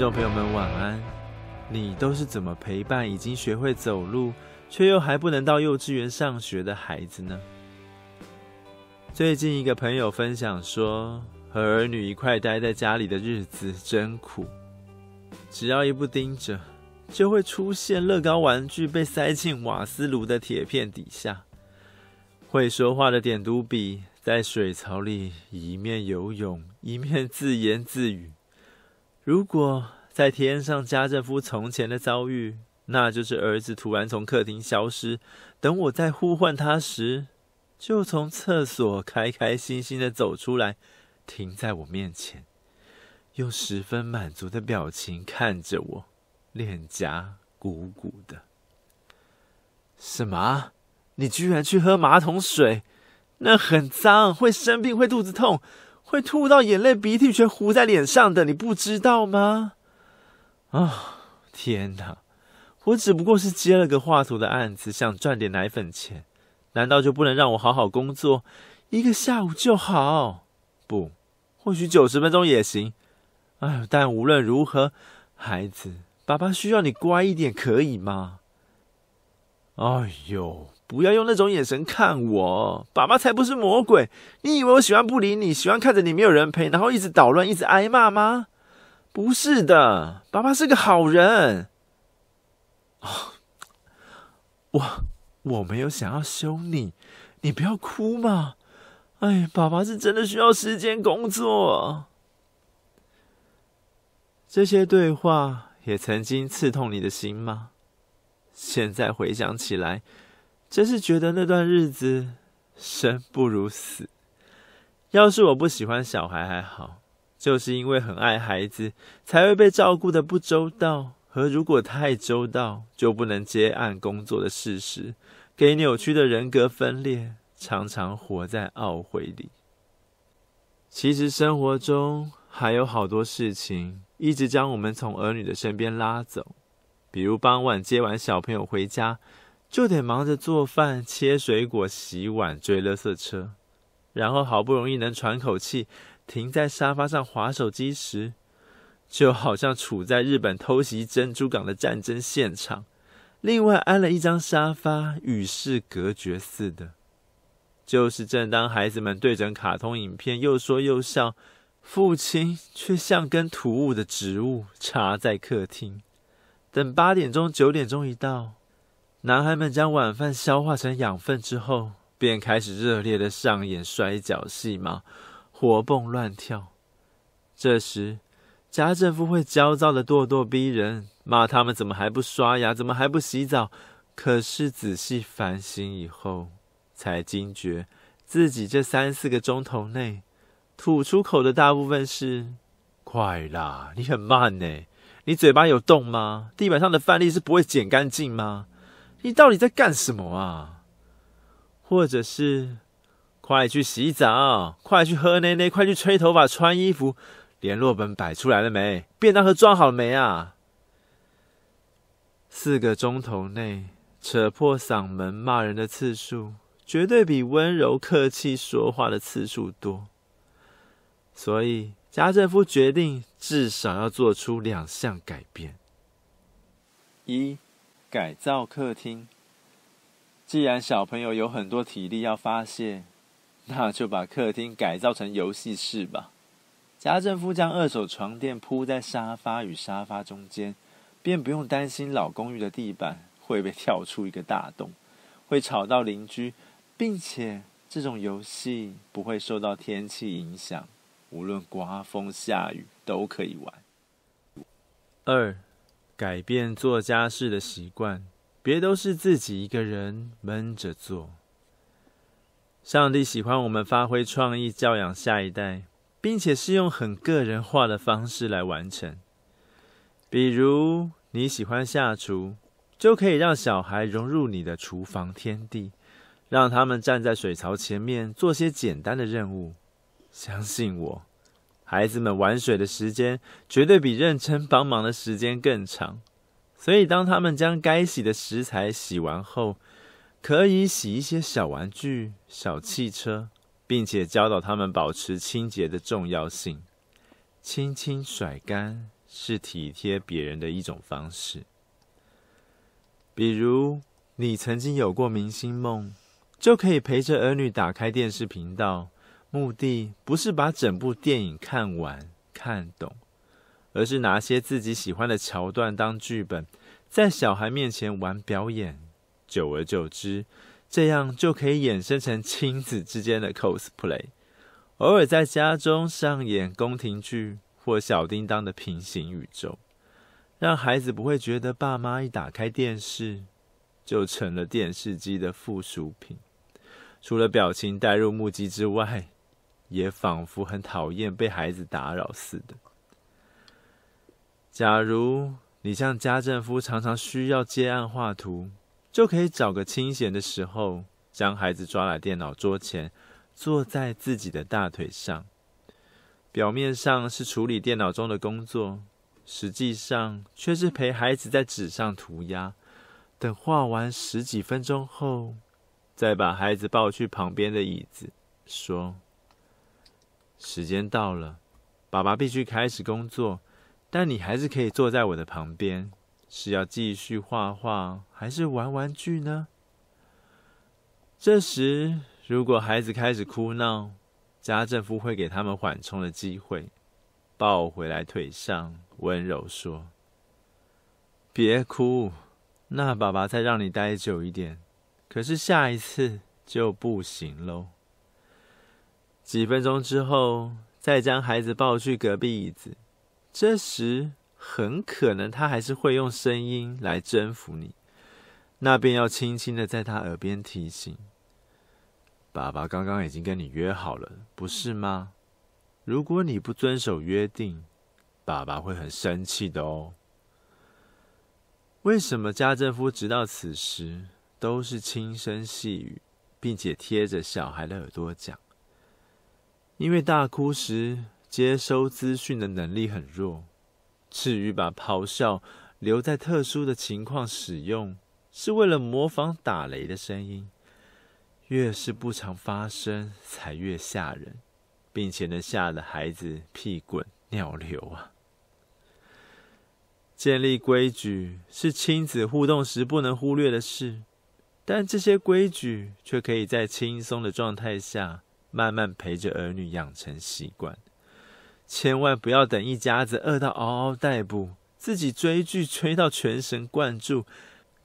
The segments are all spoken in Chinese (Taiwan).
聽眾朋友們，晚安。你都是怎麼陪伴已經學會走路，卻又還不能到幼稚園上學的孩子呢？最近一個朋友分享說，和兒女一塊待在家裡的日子真苦，只要一不盯着，就會出現樂高玩具被塞進瓦斯爐的鐵片底下，會說話的點讀筆在水槽裡一面游泳，一面自言自語。如果在天上家政夫從前的遭遇，那就是兒子突然從客廳消失，等我再呼喚他時，就從廁所開開心心的走出來，停在我面前，用十分滿足的表情看着我，臉頰鼓鼓的。什麼？你居然去喝馬桶水？那很髒，會生病，會肚子痛，會吐到眼淚鼻涕全糊在臉上的，你不知道嗎？啊、哦，天哪！我只不過是接了個畫圖的案子，想賺點奶粉錢，難道就不能讓我好好工作？一個下午就好，不，或許九十分鐘也行。哎，但無論如何，孩子，爸爸需要你乖一點，可以嗎？哎呦，不要用那種眼神看我，爸爸才不是魔鬼！你以為我喜歡不理你，喜歡看着你沒有人陪，然後一直搗亂，一直挨罵嗎？不是的，爸爸是個好人。哦，我我沒有想要凶你，你不要哭嘛。哎，爸爸是真的需要時間工作。這些對話也曾經刺痛你的心嗎？現在回想起來，真是覺得那段日子生不如死。要是我不喜歡小孩還好。就是因為很愛孩子，才會被照顧得不周到；和如果太周到，就不能接案工作的事實，給扭曲的人格分裂，常常活在懊悔裡。其實生活中還有好多事情，一直將我們從兒女的身邊拉走，比如傍晚接完小朋友回家，就得忙着做飯、切水果、洗碗、追垃圾車，然後好不容易能喘口氣，停在沙發上滑手機時，就好像處在日本偷襲珍珠港的戰爭現場。另外安了一張沙發，與世隔絕似的。就是正當孩子們對着卡通影片又說又笑，父親卻像根突兀的植物插在客廳。等八點鐘、九點鐘一到，男孩們將晚飯消化成養分之後，便開始熱烈地上演摔角戲碼。活蹦亂跳。這時，家政夫會焦躁地咄咄逼人，罵他們怎麼還不刷牙，怎麼還不洗澡。可是仔細反省以後，才驚覺自己這三四個鐘頭內，吐出口的大部分是：快啦，你很慢呢。你嘴巴有洞嗎？地板上的飯粒是不會撿乾淨嗎？你到底在幹什麼啊？或者是，快去洗澡！快去喝奶奶，快去吹頭髮、穿衣服。聯絡本擺出來了沒？便當盒裝好了沒啊？四個鐘頭內，扯破嗓門罵人的次數，絕對比溫柔客氣說話的次數多。所以家政夫決定，至少要做出兩項改變：一、改造客廳。既然小朋友有很多體力要發洩。那就把客廳改造成遊戲室吧。家政夫將二手床墊鋪在沙發與沙發中間，便不用擔心老公寓的地板會被跳出一個大洞，會吵到鄰居，並且這種遊戲不會受到天氣影響，無論颳風下雨都可以玩。二、改變做家事的習慣，別都是自己一個人悶着做。上帝喜歡我們發揮創意教養下一代，並且是用很個人化的方式來完成。比如你喜歡下廚，就可以讓小孩融入你的廚房天地，讓他們站在水槽前面做些簡單的任務。相信我，孩子們玩水的時間絕對比認真幫忙的時間更長。所以當他們將該洗的食材洗完後，可以洗一些小玩具、小汽車，並且教導他們保持清潔的重要性。輕輕甩乾是體貼別人的一種方式。比如，你曾經有過明星夢，就可以陪着兒女打開電視頻道，目的不是把整部電影看完、看懂，而是拿些自己喜歡的橋段當劇本，在小孩面前玩表演。久而久之，這樣就可以衍生成親子之間的 cosplay，偶爾在家中上演宮廷劇或小叮當的平行宇宙，讓孩子不會覺得爸媽一打開電視就成了電視機的附屬品。除了表情帶入目擊之外，也仿佛很討厭被孩子打擾似的。假如你像家政夫，常常需要接案畫圖。就可以找個清閒的時候，將孩子抓來電腦桌前，坐在自己的大腿上。表面上是處理電腦中的工作，實際上卻是陪孩子在紙上塗鴉。等畫完十幾分鐘後，再把孩子抱去旁邊的椅子，說：“時間到了，爸爸必須開始工作，但你還是可以坐在我的旁邊。”是要繼續畫畫還是玩玩具呢？這時，如果孩子開始哭鬧，家政夫會給他們緩衝的機會，抱回來腿上，溫柔說：“別哭，那爸爸再讓你待久一點。可是下一次就不行嘍。”幾分鐘之後，再將孩子抱去隔壁椅子。這時，很可能他還是會用聲音來征服你，那便要輕輕的在他耳邊提醒：“爸爸剛剛已經跟你約好了，不是嗎？如果你不遵守約定，爸爸會很生氣的哦。”為什麼家政夫直到此時都是輕聲細語，並且貼着小孩的耳朵講？因為大哭時接收資訊的能力很弱。至於把咆哮留在特殊的情況使用，是為了模仿打雷的聲音。越是不常發生，才越嚇人，並且能嚇得孩子屁滾尿流啊！建立規矩是親子互動時不能忽略的事，但這些規矩卻可以在輕鬆的狀態下，慢慢陪着兒女養成習慣。千萬不要等一家子餓到嗷嗷待哺，自己追劇追到全神貫注，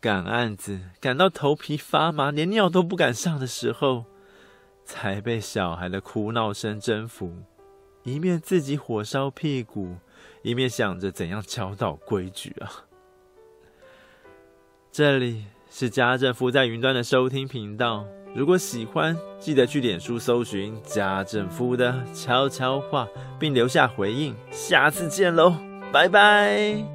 趕案子趕到頭皮發麻，連尿都不敢上的時候，才被小孩的哭鬧聲征服，一面自己火燒屁股，一面想着怎樣教導規矩啊。這裡是家政夫在雲端的收聽頻道。如果喜歡，記得去臉書搜尋家政夫的悄悄話，並留下回應。下次見嘍，拜拜。